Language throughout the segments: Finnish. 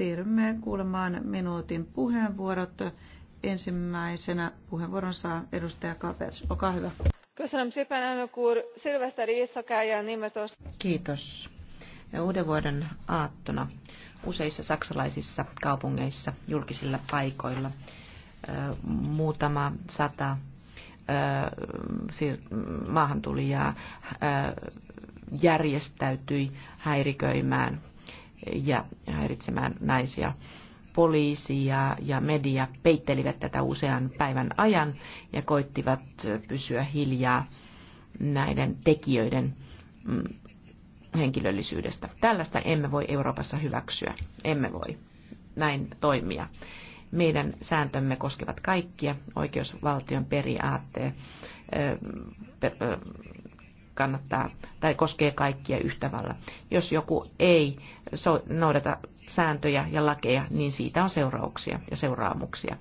Siirrymme kuulemaan minuutin puheenvuorot. Ensimmäisenä puheenvuoron saa edustaja Kapers. Olkaa hyvä. Kiitos. Uuden vuoden aattona useissa saksalaisissa kaupungeissa, julkisilla paikoilla, muutama sata maahantulijaa järjestäytyi häiriköimään ja häiritsemään naisia. Poliisi ja, ja media peittelivät tätä usean päivän ajan ja koittivat pysyä hiljaa näiden tekijöiden mm, henkilöllisyydestä. Tällaista emme voi Euroopassa hyväksyä. Emme voi näin toimia. Meidän sääntömme koskevat kaikkia oikeusvaltion periaatteet kannattaa tai koskee kaikkia yhtävällä. Jos joku ei noudata sääntöjä ja lakeja, niin siitä on seurauksia ja seuraamuksia.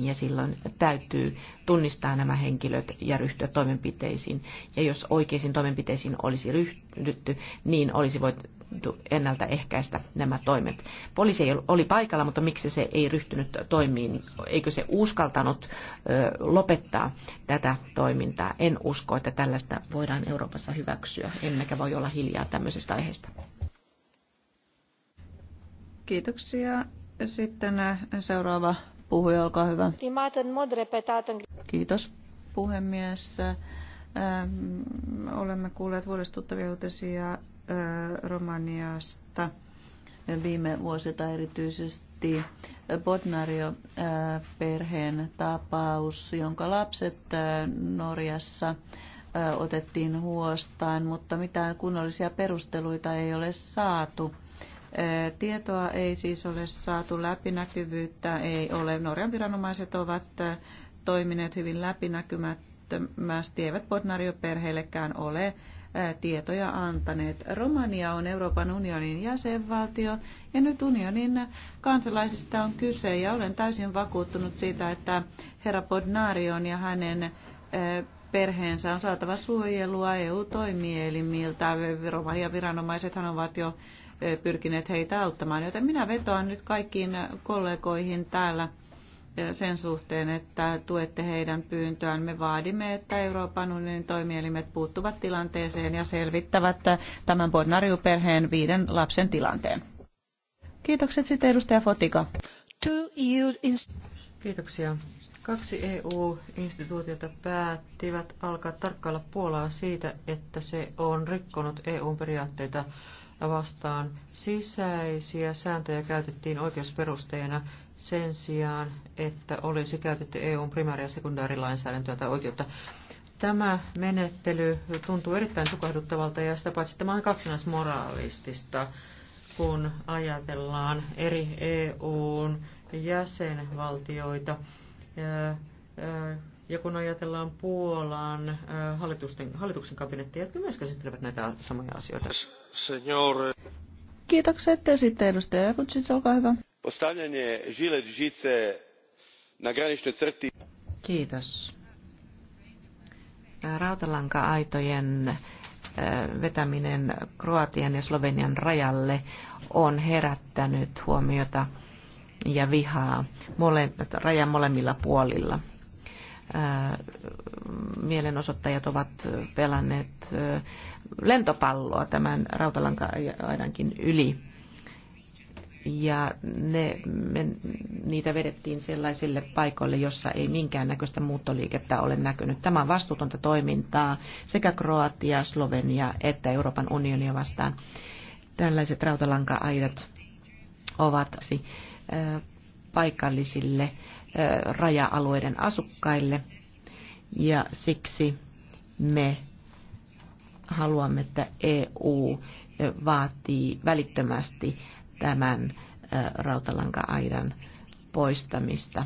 Ja silloin täytyy tunnistaa nämä henkilöt ja ryhtyä toimenpiteisiin. Ja jos oikeisiin toimenpiteisiin olisi ryhdytty, niin olisi voit, voitu ennaltaehkäistä nämä toimet. Poliisi oli paikalla, mutta miksi se ei ryhtynyt toimiin? Eikö se uskaltanut lopettaa tätä toimintaa? En usko, että tällaista voidaan Euroopassa hyväksyä, emmekä voi olla hiljaa tämmöisestä aiheesta. Kiitoksia. Sitten seuraava puhuja, olkaa hyvä. Kiitos puhemies mm, olemme kuulleet huolestuttavia uutisia Romaniasta viime vuosilta erityisesti bodnario perheen tapaus, jonka lapset Norjassa otettiin huostaan, mutta mitään kunnollisia perusteluita ei ole saatu. Tietoa ei siis ole saatu, läpinäkyvyyttä ei ole. Norjan viranomaiset ovat toimineet hyvin läpinäkymättömästi, eivät bodnario perheellekään ole tietoja antaneet. Romania on Euroopan unionin jäsenvaltio ja nyt unionin kansalaisista on kyse ja olen täysin vakuuttunut siitä, että herra Podnarion ja hänen perheensä on saatava suojelua EU-toimielimiltä. Romanian viranomaisethan ovat jo pyrkineet heitä auttamaan, joten minä vetoan nyt kaikkiin kollegoihin täällä sen suhteen, että tuette heidän pyyntöään. Me vaadimme, että Euroopan unionin toimielimet puuttuvat tilanteeseen ja selvittävät tämän Bodnariu-perheen viiden lapsen tilanteen. Kiitokset sitten edustaja Fotika. E Kiitoksia. Kaksi EU-instituutiota päättivät alkaa tarkkailla Puolaa siitä, että se on rikkonut EU-periaatteita vastaan. Sisäisiä sääntöjä käytettiin oikeusperusteena sen sijaan, että olisi käytetty EUn primääri- ja sekundaarilainsäädäntöä tai oikeutta. Tämä menettely tuntuu erittäin tukahduttavalta ja sitä paitsi tämä on kaksinaismoraalistista, kun ajatellaan eri EUn jäsenvaltioita. Ja kun ajatellaan Puolan hallitusten, hallituksen kabinettia, jotka myös käsittelevät näitä samoja asioita. Kiitokset ja kutsit, olkaa hyvä postavljanje žilet žice na graničnoj crti rautalanka aitojen eh, vetäminen Kroatian ja Slovenian rajalle on herättänyt huomiota ja vihaa mole, rajan molemmilla puolilla. Eh, mielenosoittajat ovat pelanneet eh, lentopalloa tämän rautalanka-aidankin yli ja ne, me, niitä vedettiin sellaisille paikoille, jossa ei minkäännäköistä muuttoliikettä ole näkynyt. Tämä on vastuutonta toimintaa sekä Kroatia, Slovenia että Euroopan unionia vastaan. Tällaiset rautalanka-aidat ovat äh, paikallisille äh, raja-alueiden asukkaille ja siksi me haluamme, että EU vaatii välittömästi tämän rautalanka-aidan poistamista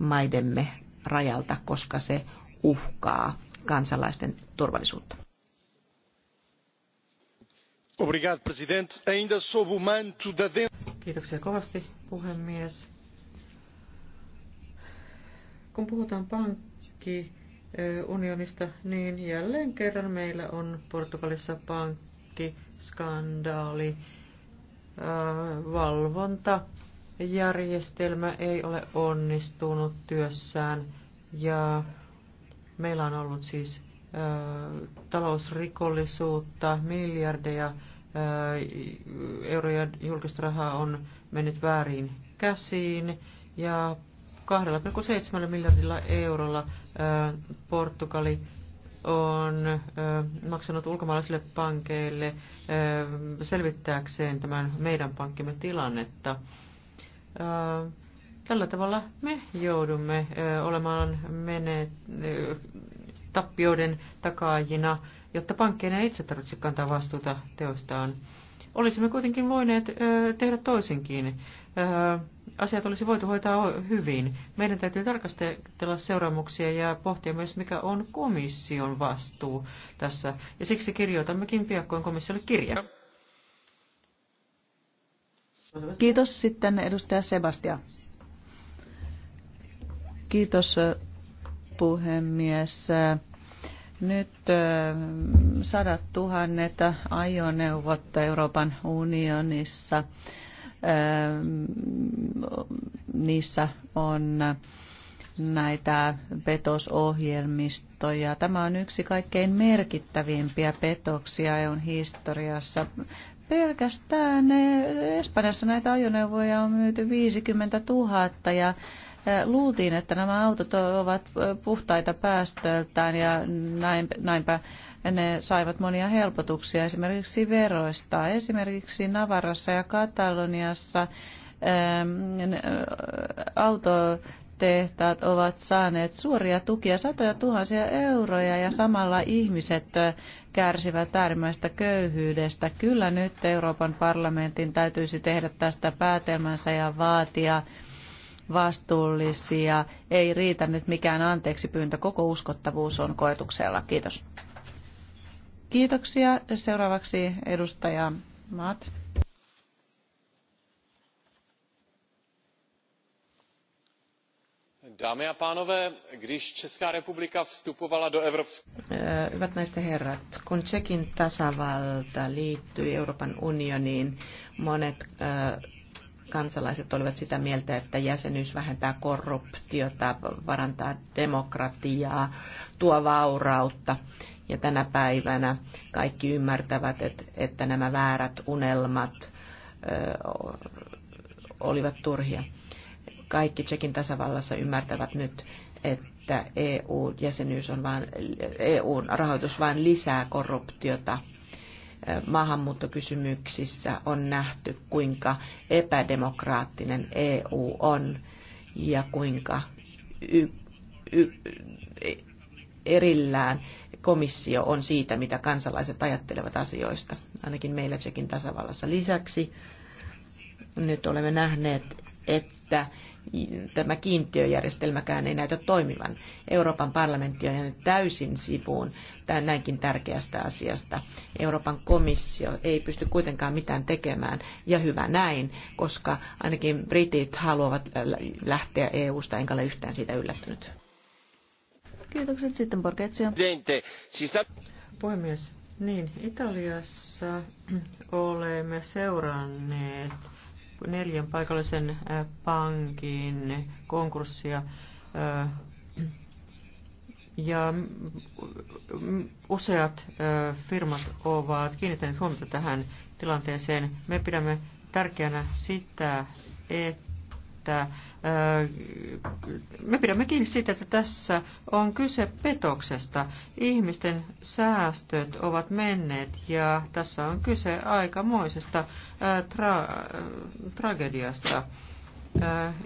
maidemme rajalta, koska se uhkaa kansalaisten turvallisuutta. Kiitoksia kovasti, puhemies. Kun puhutaan pankkiunionista, niin jälleen kerran meillä on Portugalissa pankkiskandaali valvontajärjestelmä ei ole onnistunut työssään ja meillä on ollut siis talousrikollisuutta, miljardeja euroja julkista rahaa on mennyt väärin käsiin ja 2,7 miljardilla eurolla Portugali on maksanut ulkomaalaisille pankeille selvittääkseen tämän meidän pankkimme tilannetta. Tällä tavalla me joudumme olemaan mene, tappioiden takaajina, jotta pankkeina ei itse tarvitse kantaa vastuuta teostaan. Olisimme kuitenkin voineet tehdä toisinkin asiat olisi voitu hoitaa hyvin. Meidän täytyy tarkastella seuraamuksia ja pohtia myös, mikä on komission vastuu tässä. Ja siksi kirjoitammekin piakkoin komissiolle kirjan. Kiitos. Sitten edustaja Sebastian. Kiitos puhemies. Nyt sadat tuhannet ajoneuvot Euroopan unionissa niissä on näitä petosohjelmistoja. Tämä on yksi kaikkein merkittävimpiä petoksia EUn historiassa. Pelkästään Espanjassa näitä ajoneuvoja on myyty 50 000 ja luultiin, että nämä autot ovat puhtaita päästöiltään ja näin, näinpä ne saivat monia helpotuksia esimerkiksi veroista. Esimerkiksi Navarassa ja Kataloniassa ähm, äh, autotehtaat ovat saaneet suuria tukia, satoja tuhansia euroja, ja samalla ihmiset äh, kärsivät äärimmäistä köyhyydestä. Kyllä nyt Euroopan parlamentin täytyisi tehdä tästä päätelmänsä ja vaatia vastuullisia. Ei riitä nyt mikään anteeksi pyyntö. Koko uskottavuus on koetuksella. Kiitos. Kiitoksia. Seuraavaksi edustaja Maat. Dámy a pánové, když Česká republika vstupovala do Evropské... Eh, hyvät naiset ja herrat, kun Tsekin tasavalta liittyi Euroopan unioniin, monet eh, kansalaiset olivat sitä mieltä, että jäsenyys vähentää korruptiota, varantaa demokratiaa, tuo vaurautta. Ja tänä päivänä kaikki ymmärtävät, että nämä väärät unelmat olivat turhia. Kaikki Tsekin tasavallassa ymmärtävät nyt, että EU-jäsenyys on vain, EU-rahoitus vain lisää korruptiota maahanmuuttokysymyksissä on nähty, kuinka epädemokraattinen EU on ja kuinka y- y- erillään komissio on siitä, mitä kansalaiset ajattelevat asioista, ainakin meillä Tsekin tasavallassa. Lisäksi nyt olemme nähneet, että tämä kiintiöjärjestelmäkään ei näytä toimivan. Euroopan parlamentti on jäänyt täysin sivuun tämän näinkin tärkeästä asiasta. Euroopan komissio ei pysty kuitenkaan mitään tekemään, ja hyvä näin, koska ainakin britit haluavat lähteä EU-sta, enkä ole yhtään siitä yllättynyt. Kiitokset sitten Borgetsio. Puhemies, niin Italiassa olemme seuranneet neljän paikallisen äh, pankin konkurssia äh, ja useat äh, firmat ovat kiinnittäneet huomiota tähän tilanteeseen. Me pidämme tärkeänä sitä, että että me pidämme kiinni siitä, että tässä on kyse petoksesta. Ihmisten säästöt ovat menneet ja tässä on kyse aikamoisesta tra- tragediasta.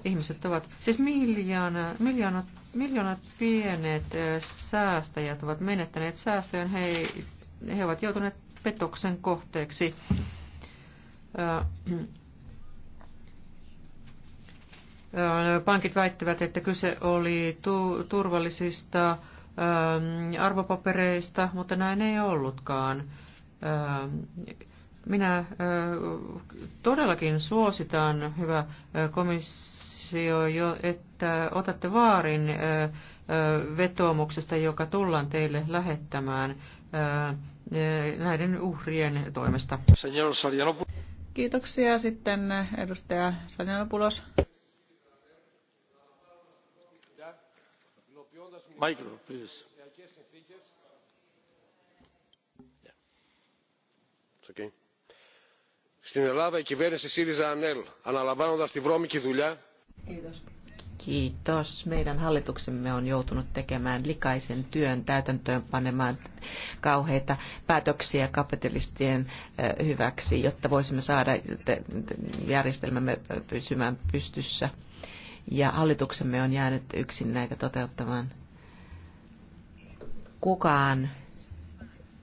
Ihmiset ovat, siis miljoona, miljoonat, miljoonat pienet säästäjät ovat menettäneet säästöjen, he, he ovat joutuneet petoksen kohteeksi Pankit väittävät, että kyse oli turvallisista ähm, arvopapereista, mutta näin ei ollutkaan. Ähm, minä todellakin suositan, hyvä komissio, että otatte vaarin vetoomuksesta, joka tullaan teille lähettämään näiden uhrien toimesta. Kiitoksia sitten edustaja Sanjanopulos. στην ελλάδα η κυβέρνηση σύριζα ανέλ αναλαμβάνοντας τη βρώμικη δουλειά Kiitos. Meidän hallituksemme on joutunut tekemään likaisen työn täytäntöön panemaan kauheita päätöksiä kapitalistien hyväksi, jotta voisimme saada järjestelmämme pysymään pystyssä. Ja hallituksemme on jäänyt yksin näitä toteuttamaan kukaan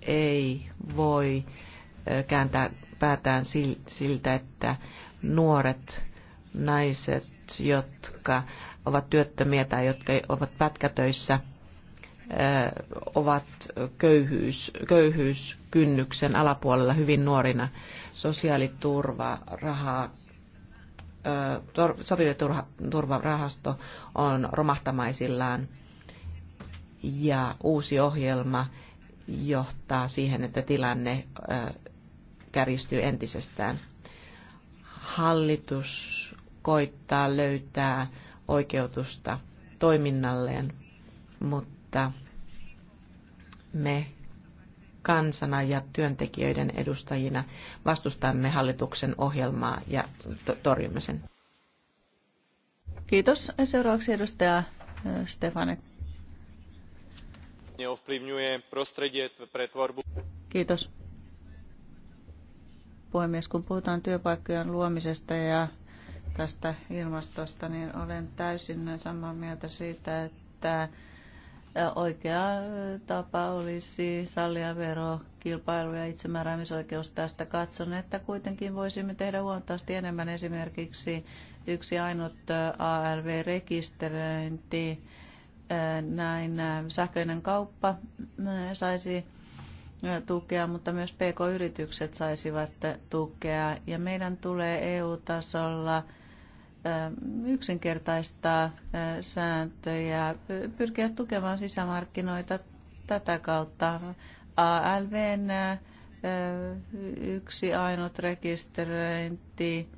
ei voi kääntää päätään siltä, että nuoret naiset, jotka ovat työttömiä tai jotka ovat pätkätöissä, ovat köyhyys, köyhyyskynnyksen alapuolella hyvin nuorina. Sosiaaliturva, rahaa, sosiaaliturvarahasto on romahtamaisillaan ja uusi ohjelma johtaa siihen, että tilanne kärjistyy entisestään. Hallitus koittaa löytää oikeutusta toiminnalleen, mutta me kansana ja työntekijöiden edustajina vastustamme hallituksen ohjelmaa ja torjumme sen. Kiitos. Seuraavaksi edustaja Stefanek nevyhnutne ovplyvňuje prostredie pre tvorbu. Kiitos. Puhemies, kun puhutaan työpaikkojen luomisesta ja tästä ilmastosta, niin olen täysin samaa mieltä siitä, että oikea tapa olisi sallia vero, kilpailu ja itsemääräämisoikeus tästä. Katson, että kuitenkin voisimme tehdä huomattavasti enemmän esimerkiksi yksi ainut ALV-rekisteröinti näin sähköinen kauppa saisi tukea, mutta myös PK-yritykset saisivat tukea. Ja meidän tulee EU-tasolla yksinkertaistaa sääntöjä, pyrkiä tukemaan sisämarkkinoita tätä kautta. ALVn yksi ainut rekisteröinti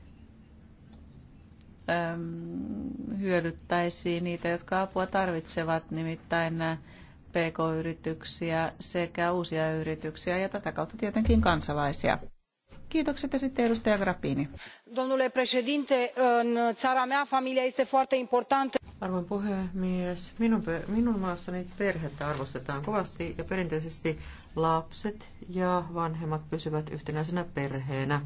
hyödyttäisi niitä, jotka apua tarvitsevat, nimittäin PK-yrityksiä sekä uusia yrityksiä ja tätä kautta tietenkin kansalaisia. Kiitokset ja sitten edustaja Grappini. Domnule președinte, în țara mea familia este foarte importantă. Arvon puhemies, minun, minun maassani perhettä arvostetaan kovasti ja perinteisesti lapset ja vanhemmat pysyvät yhtenäisenä perheenä.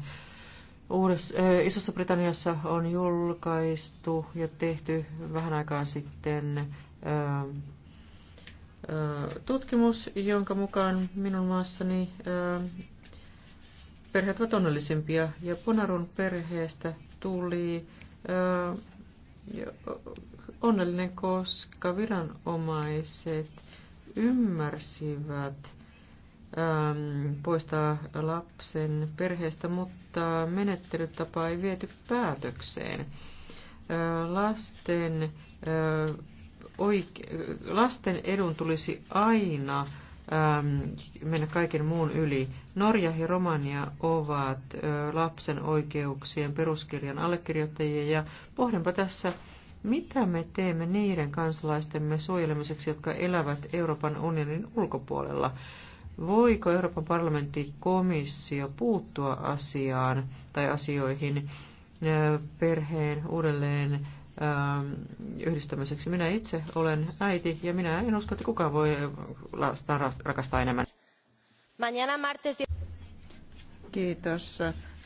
Uudessa, Isossa Britanniassa on julkaistu ja tehty vähän aikaa sitten tutkimus, jonka mukaan minun maassani perheet ovat onnellisimpia. Ja Ponarun perheestä tuli ää, onnellinen, koska viranomaiset ymmärsivät Ähm, poistaa lapsen perheestä, mutta menettelytapa ei viety päätökseen. Äh, lasten, äh, oike- lasten edun tulisi aina ähm, mennä kaiken muun yli. Norja ja Romania ovat äh, lapsen oikeuksien peruskirjan allekirjoittajia ja pohdinpa tässä, mitä me teemme niiden kansalaistemme suojelemiseksi, jotka elävät Euroopan unionin ulkopuolella. Voiko Euroopan parlamentti komissio puuttua asiaan tai asioihin perheen uudelleen yhdistämiseksi? Minä itse olen äiti ja minä en usko, että kukaan voi lasta rakastaa enemmän. Kiitos.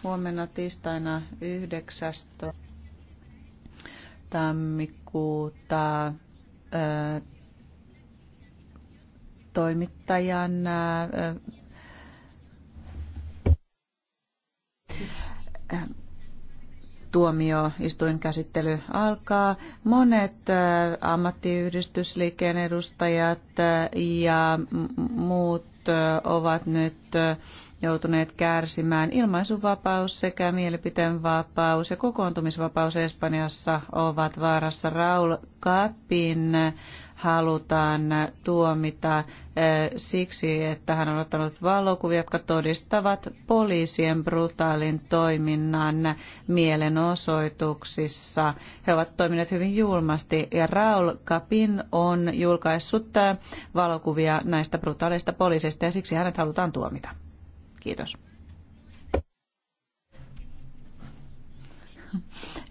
Huomenna tiistaina 9. tammikuuta toimittajan äh, äh, tuomioistuinkäsittely alkaa. Monet äh, ammattiyhdistysliikkeen edustajat ja muut ovat nyt joutuneet kärsimään. Ilmaisuvapaus sekä mielipiteenvapaus ja kokoontumisvapaus Espanjassa ovat vaarassa. Raul Kappin halutaan tuomita eh, siksi, että hän on ottanut valokuvia, jotka todistavat poliisien brutaalin toiminnan mielenosoituksissa. He ovat toimineet hyvin julmasti ja Raul Kapin on julkaissut eh, valokuvia näistä brutaaleista poliiseista ja siksi hänet halutaan tuomita. Kiitos.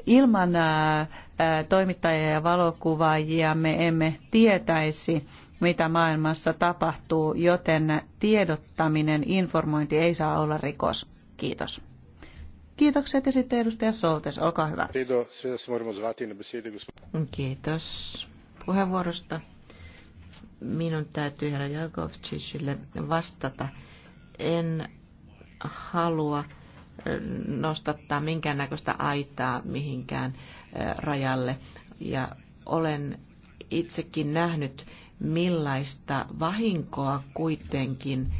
Ilman äh, äh, toimittajia ja valokuvaajia me emme tietäisi, mitä maailmassa tapahtuu, joten tiedottaminen, informointi ei saa olla rikos. Kiitos. Kiitokset ja sitten edustaja Soltes, olkaa hyvä. Kiitos puheenvuorosta. Minun täytyy herra Jakovcicille vastata en halua nostattaa minkäännäköistä aitaa mihinkään rajalle. Ja olen itsekin nähnyt, millaista vahinkoa kuitenkin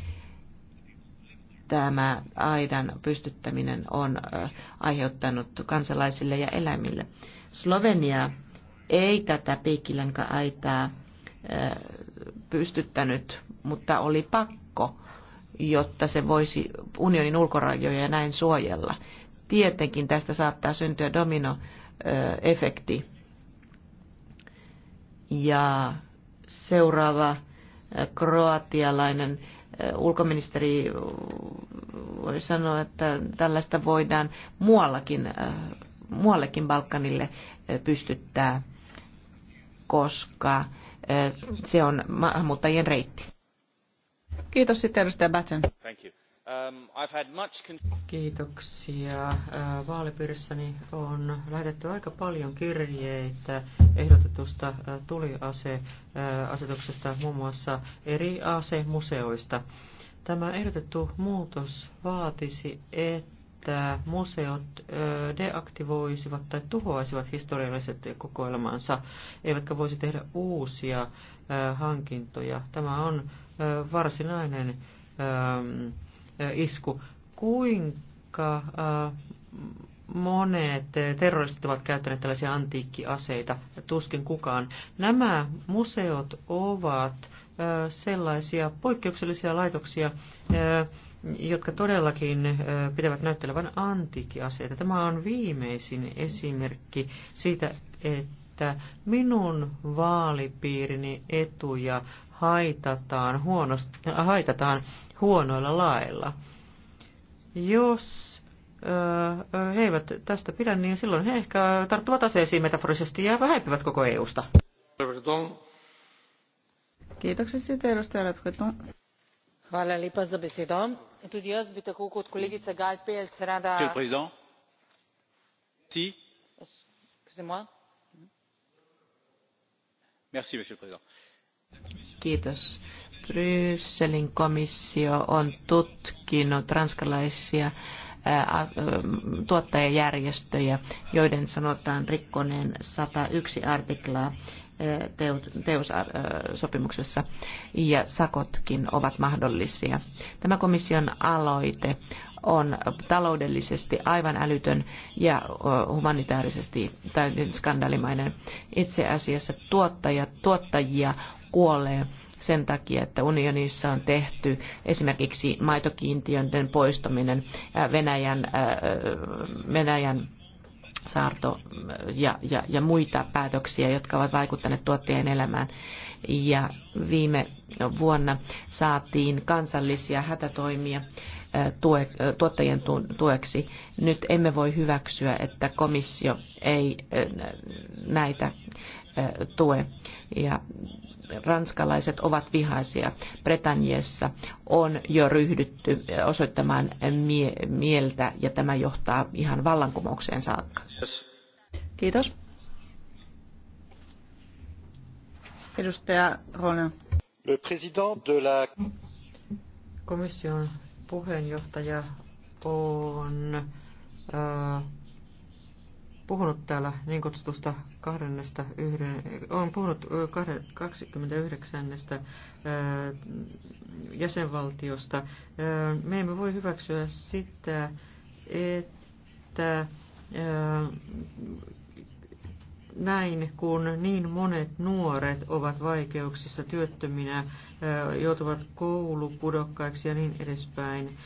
tämä aidan pystyttäminen on aiheuttanut kansalaisille ja eläimille. Slovenia ei tätä piikilänka aitaa pystyttänyt, mutta oli pakko jotta se voisi unionin ulkorajoja näin suojella. Tietenkin tästä saattaa syntyä dominoefekti. Ja seuraava kroatialainen ulkoministeri voi sanoa, että tällaista voidaan muuallakin, muuallekin Balkanille pystyttää, koska se on maahanmuuttajien reitti. Kiitos sitten edustaja um, Kiitoksia. Äh, vaalipiirissäni on lähetetty aika paljon kirjeitä ehdotetusta äh, tuliaseasetuksesta, äh, muun muassa eri asemuseoista. Tämä ehdotettu muutos vaatisi, että museot deaktivoisivat tai tuhoaisivat historialliset kokoelmansa, eivätkä voisi tehdä uusia hankintoja. Tämä on varsinainen isku. Kuinka monet terroristit ovat käyttäneet tällaisia antiikkiaseita, tuskin kukaan. Nämä museot ovat sellaisia poikkeuksellisia laitoksia, jotka todellakin pitävät näyttelevän antiikkiaseita. Tämä on viimeisin esimerkki siitä, että minun vaalipiirini etuja haitataan, huonost, haitataan huonoilla lailla. Jos he eivät tästä pidä, niin silloin he ehkä tarttuvat aseisiin metaforisesti ja häipyvät koko EUsta. Kiitokset siitä edustaja Lepkoton. Hvala lipa za besedo. Tudi jaz bi tako kot kolegica Gal Pels rada... Monsieur le Président. Si. Excusez-moi. Merci, Monsieur le Président Kiitos. Brysselin komissio on tutkinut ranskalaisia äh, äh, tuottajajärjestöjä, joiden sanotaan rikkoneen 101 artiklaa äh, teussopimuksessa ja sakotkin ovat mahdollisia. Tämä komission aloite on taloudellisesti aivan älytön ja humanitaarisesti täysin skandalimainen Itse asiassa tuottajat, tuottajia kuolee sen takia, että unionissa on tehty esimerkiksi maitokiintiöiden poistaminen, Venäjän, Venäjän saarto ja, ja, ja muita päätöksiä, jotka ovat vaikuttaneet tuottajien elämään. Ja viime vuonna saatiin kansallisia hätätoimia tue, tuottajien tueksi. Nyt emme voi hyväksyä, että komissio ei näitä tue. Ja ranskalaiset ovat vihaisia. Bretanniassa, on jo ryhdytty osoittamaan mie mieltä ja tämä johtaa ihan vallankumoukseen saakka. Kiitos. Edustaja Roland. Le président de la... Komission puheenjohtaja on äh, puhunut täällä niin kutsutusta 21, on puhunut 29 jäsenvaltiosta. Me emme voi hyväksyä sitä, että näin, kun niin monet nuoret ovat vaikeuksissa työttöminä, joutuvat koulupudokkaiksi ja niin edespäin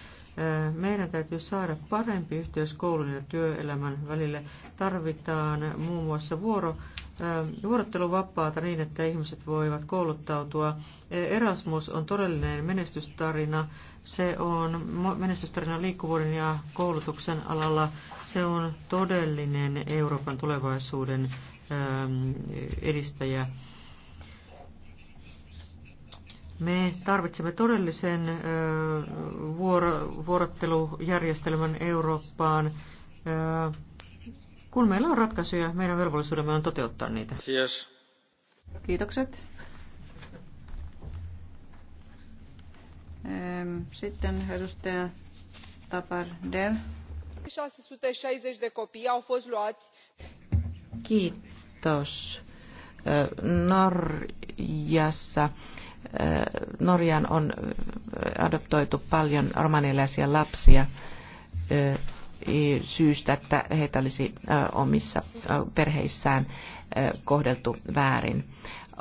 meidän täytyy saada parempi yhteys koulun ja työelämän välille. Tarvitaan muun muassa vuoro, vuorotteluvapaata niin, että ihmiset voivat kouluttautua. Erasmus on todellinen menestystarina. Se on menestystarina liikkuvuuden ja koulutuksen alalla. Se on todellinen Euroopan tulevaisuuden edistäjä. Me tarvitsemme todellisen vuoro- vuorottelujärjestelmän Eurooppaan. Kun meillä on ratkaisuja, meidän velvollisuudemme on toteuttaa niitä. Yes. Kiitokset. Sitten edustaja Taparder. 660 de copii au fost luați. Kiitos. Norjassa Norjaan on adoptoitu paljon romanialaisia lapsia syystä, että heitä olisi omissa perheissään kohdeltu väärin.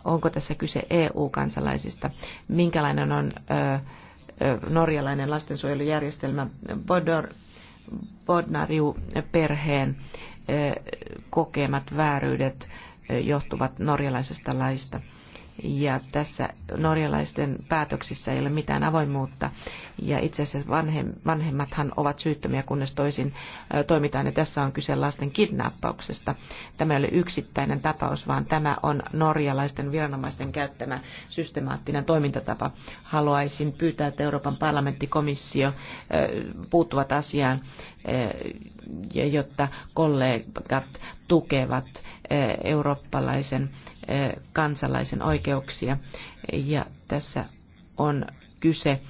Onko tässä kyse EU-kansalaisista? Minkälainen on norjalainen lastensuojelujärjestelmä Bodor, Bodnariu-perheen kokemat vääryydet johtuvat norjalaisesta laista? ja tässä norjalaisten päätöksissä ei ole mitään avoimuutta. Ja itse asiassa vanhem, vanhemmathan ovat syyttömiä, kunnes toisin toimitaan. Ja tässä on kyse lasten kidnappauksesta. Tämä ei ole yksittäinen tapaus, vaan tämä on norjalaisten viranomaisten käyttämä systemaattinen toimintatapa. Haluaisin pyytää, että Euroopan parlamenttikomissio puuttuvat asiaan, jotta kollegat tukevat eurooppalaisen kansalaisen oikeuksia. Ja tässä on kyse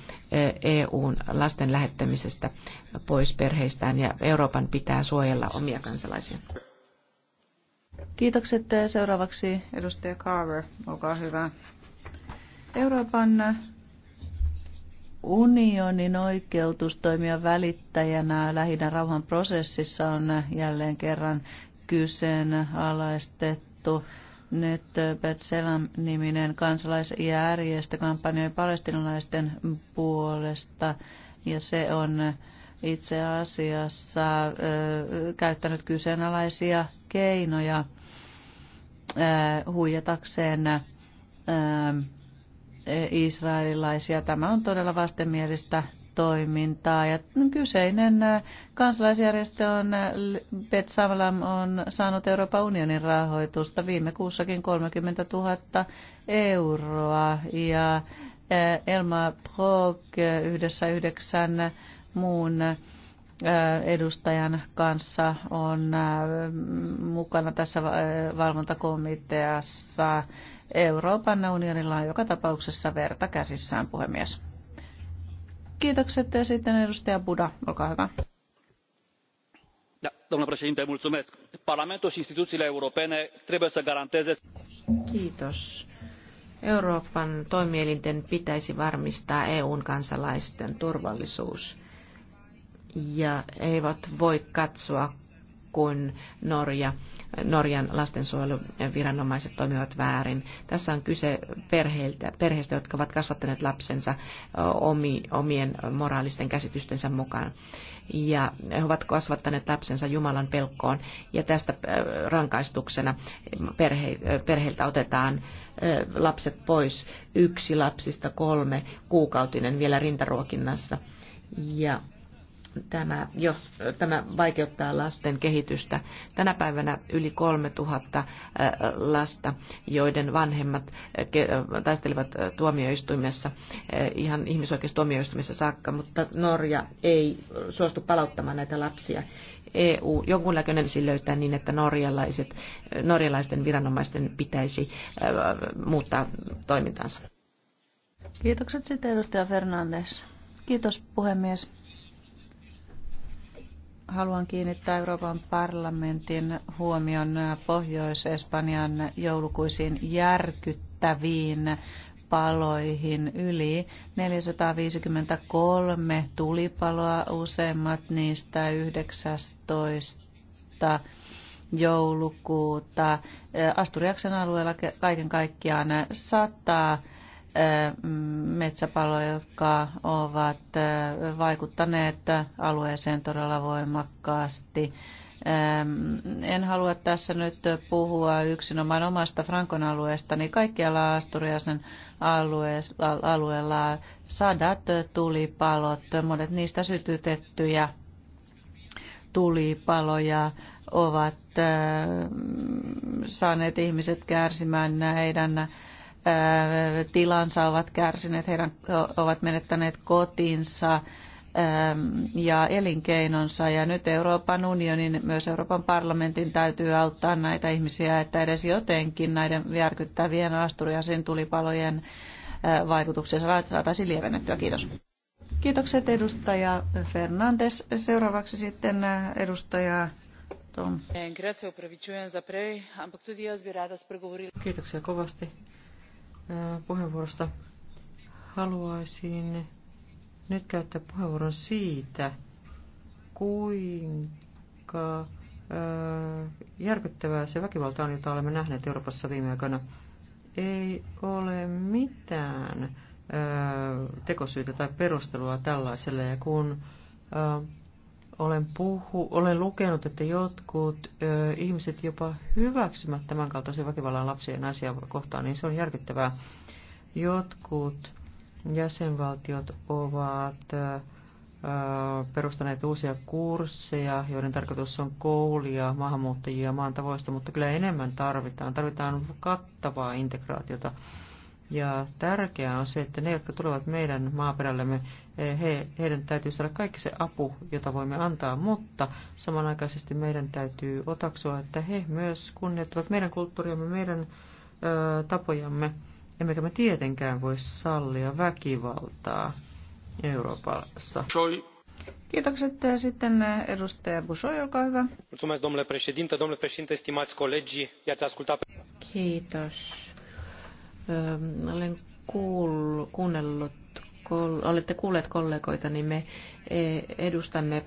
EUn lasten lähettämisestä pois perheistään ja Euroopan pitää suojella omia kansalaisia. Kiitokset. Seuraavaksi edustaja Carver, olkaa hyvä. Euroopan unionin oikeutus toimia välittäjänä lähinnä rauhan prosessissa on jälleen kerran kyseenalaistettu nyt äh, Betselam-niminen kansalaisjärjestö kampanjoi palestinalaisten puolesta ja se on äh, itse asiassa ö, äh, käyttänyt kyseenalaisia keinoja ö, huijatakseen ö, israelilaisia. Tämä on todella vastenmielistä toimintaa. Ja kyseinen kansalaisjärjestö on, Bet Savlam on saanut Euroopan unionin rahoitusta viime kuussakin 30 000 euroa. Ja Elma Brog yhdessä yhdeksän muun edustajan kanssa on mukana tässä valvontakomiteassa. Euroopan unionilla on joka tapauksessa verta käsissään, puhemies. Kiitokset ja sitten edustaja Buda, olkaa hyvä. Domnule președinte, mulțumesc. Parlamentul și instituțiile europene trebuie să garanteze... Kiitos. Euroopan toimielinten pitäisi varmistaa EUn kansalaisten turvallisuus ja eivät voi katsoa kuin Norja. Norjan lastensuojeluviranomaiset toimivat väärin. Tässä on kyse perheiltä, perheistä, jotka ovat kasvattaneet lapsensa omien moraalisten käsitystensä mukaan. Ja he ovat kasvattaneet lapsensa Jumalan pelkkoon. Ja tästä rankaistuksena perhe, perheiltä otetaan lapset pois. Yksi lapsista kolme kuukautinen vielä rintaruokinnassa. Ja Tämä, jo, tämä vaikeuttaa lasten kehitystä. Tänä päivänä yli 3000 lasta, joiden vanhemmat taistelivat tuomioistuimessa, ihan ihmisoikeustuomioistuimessa saakka, mutta Norja ei suostu palauttamaan näitä lapsia. EU, jonkunnäköinen olisi löytää niin, että norjalaiset, norjalaisten viranomaisten pitäisi muuttaa toimintansa. Kiitokset sitten edustaja Fernandes. Kiitos puhemies haluan kiinnittää Euroopan parlamentin huomion Pohjois-Espanjan joulukuisiin järkyttäviin paloihin yli 453 tulipaloa, useimmat niistä 19 joulukuuta. Asturiaksen alueella kaiken kaikkiaan 100 metsäpaloja, jotka ovat vaikuttaneet alueeseen todella voimakkaasti. En halua tässä nyt puhua yksinomaan omasta Frankon alueesta, niin kaikkialla Asturiasen alueella sadat tulipalot, monet niistä sytytettyjä tulipaloja ovat saaneet ihmiset kärsimään heidän tilansa ovat kärsineet, heidän ovat menettäneet kotinsa ähm, ja elinkeinonsa. Ja nyt Euroopan unionin, myös Euroopan parlamentin täytyy auttaa näitä ihmisiä, että edes jotenkin näiden järkyttävien Asturiasin tulipalojen äh, vaikutuksia saataisiin lievennettyä. Kiitos. Kiitokset edustaja Fernandes. Seuraavaksi sitten äh, edustaja Tom. Kiitoksia kovasti. Äh, puheenvuorosta. Haluaisin nyt käyttää puheenvuoron siitä, kuinka äh, järkyttävää se väkivalta on, jota olemme nähneet Euroopassa viime aikoina. Ei ole mitään äh, tekosyytä tai perustelua tällaiselle, ja kun olen, puhu, olen lukenut, että jotkut ö, ihmiset jopa hyväksymät tämän kaltaisen väkivallan lapsien asian kohtaan, niin se on järkyttävää. Jotkut jäsenvaltiot ovat ö, perustaneet uusia kursseja, joiden tarkoitus on koulia maahanmuuttajia maan tavoista, mutta kyllä enemmän tarvitaan. Tarvitaan kattavaa integraatiota. Ja tärkeää on se, että ne, jotka tulevat meidän maaperällemme, he, heidän täytyy saada kaikki se apu, jota voimme antaa, mutta samanaikaisesti meidän täytyy otaksua, että he myös kunnioittavat meidän kulttuuriamme, meidän ö, tapojamme, emmekä me tietenkään voi sallia väkivaltaa Euroopassa. Soi. Kiitokset. Sitten edustaja Busoi, olkaa hyvä. Mulțumesc, domnule președinte. Domnule președinte, stimați i-ați ascultat. Kiitos. Ö, olen kuullut, kuunnellut olette kuulleet kollegoita, niin me e, edustamme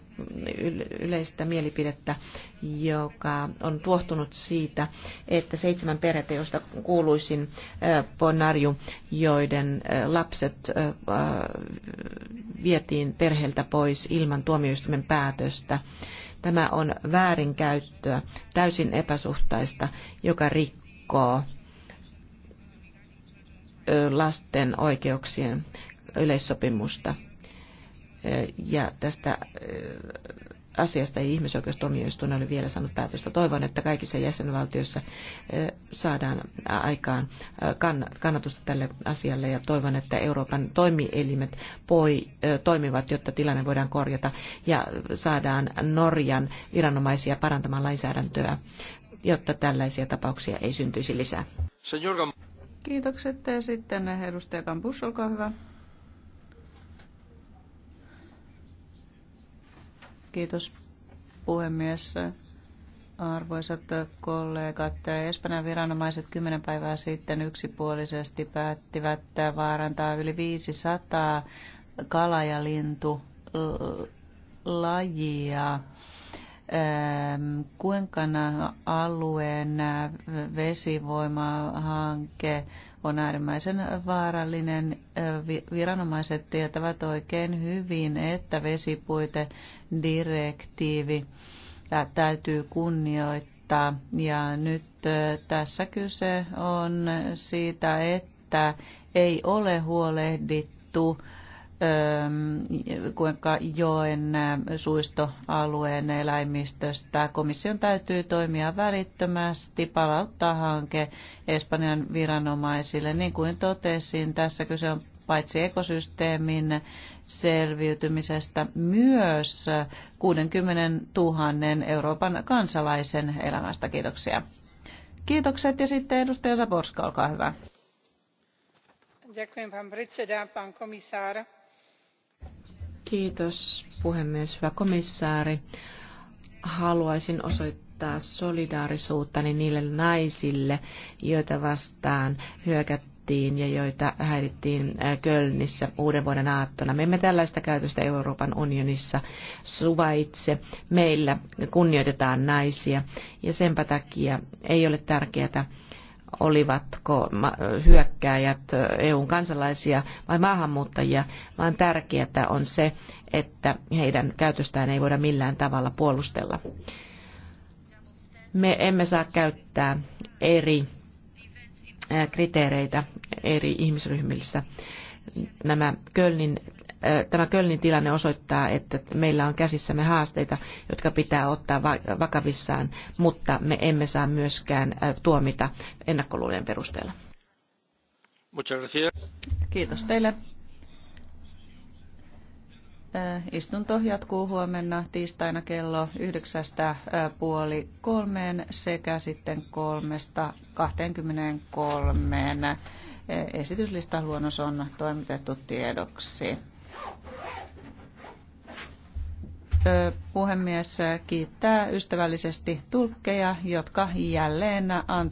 yleistä mielipidettä, joka on tuohtunut siitä, että seitsemän perhettä, joista kuuluisin Ponarju, e, joiden e, lapset vietiin perheeltä pois ilman tuomioistuimen päätöstä, Tämä on väärinkäyttöä, täysin epäsuhtaista, joka rikkoo lasten oikeuksien yleissopimusta. Ja tästä asiasta ei ihmisoikeustuomioistuin ole vielä saanut päätöstä. Toivon, että kaikissa jäsenvaltioissa saadaan aikaan kannatusta tälle asialle ja toivon, että Euroopan toimielimet poi, toimivat, jotta tilanne voidaan korjata ja saadaan Norjan viranomaisia parantamaan lainsäädäntöä, jotta tällaisia tapauksia ei syntyisi lisää. Kiitokset. Sitten edustaja Kampus, olkaa hyvä. Kiitos puhemies. Arvoisat kollegat, Espanjan viranomaiset kymmenen päivää sitten yksipuolisesti päättivät vaarantaa yli 500 kala- ja lintulajia. Ehm, kuinka alueen vesivoimahanke on äärimmäisen vaarallinen. Viranomaiset tietävät oikein hyvin, että vesipuitedirektiivi täytyy kunnioittaa. Ja nyt tässä kyse on siitä, että ei ole huolehdittu kuinka joen suistoalueen eläimistöstä. Komission täytyy toimia välittömästi, palauttaa hanke Espanjan viranomaisille. Niin kuin totesin, tässä kyse on paitsi ekosysteemin selviytymisestä, myös 60 000 Euroopan kansalaisen elämästä. Kiitoksia. Kiitokset ja sitten edustaja Saborska, olkaa hyvä. Ďakujem, pán predseda, pan komisár Kiitos puhemies, hyvä komissaari. Haluaisin osoittaa solidaarisuuttani niille naisille, joita vastaan hyökättiin ja joita häirittiin äh, Kölnissä uuden vuoden aattona. Me emme tällaista käytöstä Euroopan unionissa suvaitse. Meillä kunnioitetaan naisia ja senpä takia ei ole tärkeää olivatko hyökkääjät EUn kansalaisia vai maahanmuuttajia, vaan tärkeää on se, että heidän käytöstään ei voida millään tavalla puolustella. Me emme saa käyttää eri kriteereitä eri ihmisryhmissä. Nämä Kölnin Tämä Kölnin tilanne osoittaa, että meillä on käsissämme haasteita, jotka pitää ottaa vakavissaan, mutta me emme saa myöskään tuomita ennakkoluulien perusteella. Kiitos teille. Istunto jatkuu huomenna tiistaina kello 9.30 sekä sitten 3.23. Esityslistan luonnos on toimitettu tiedoksi. Puhemies kiittää ystävällisesti tulkkeja, jotka jälleen antoivat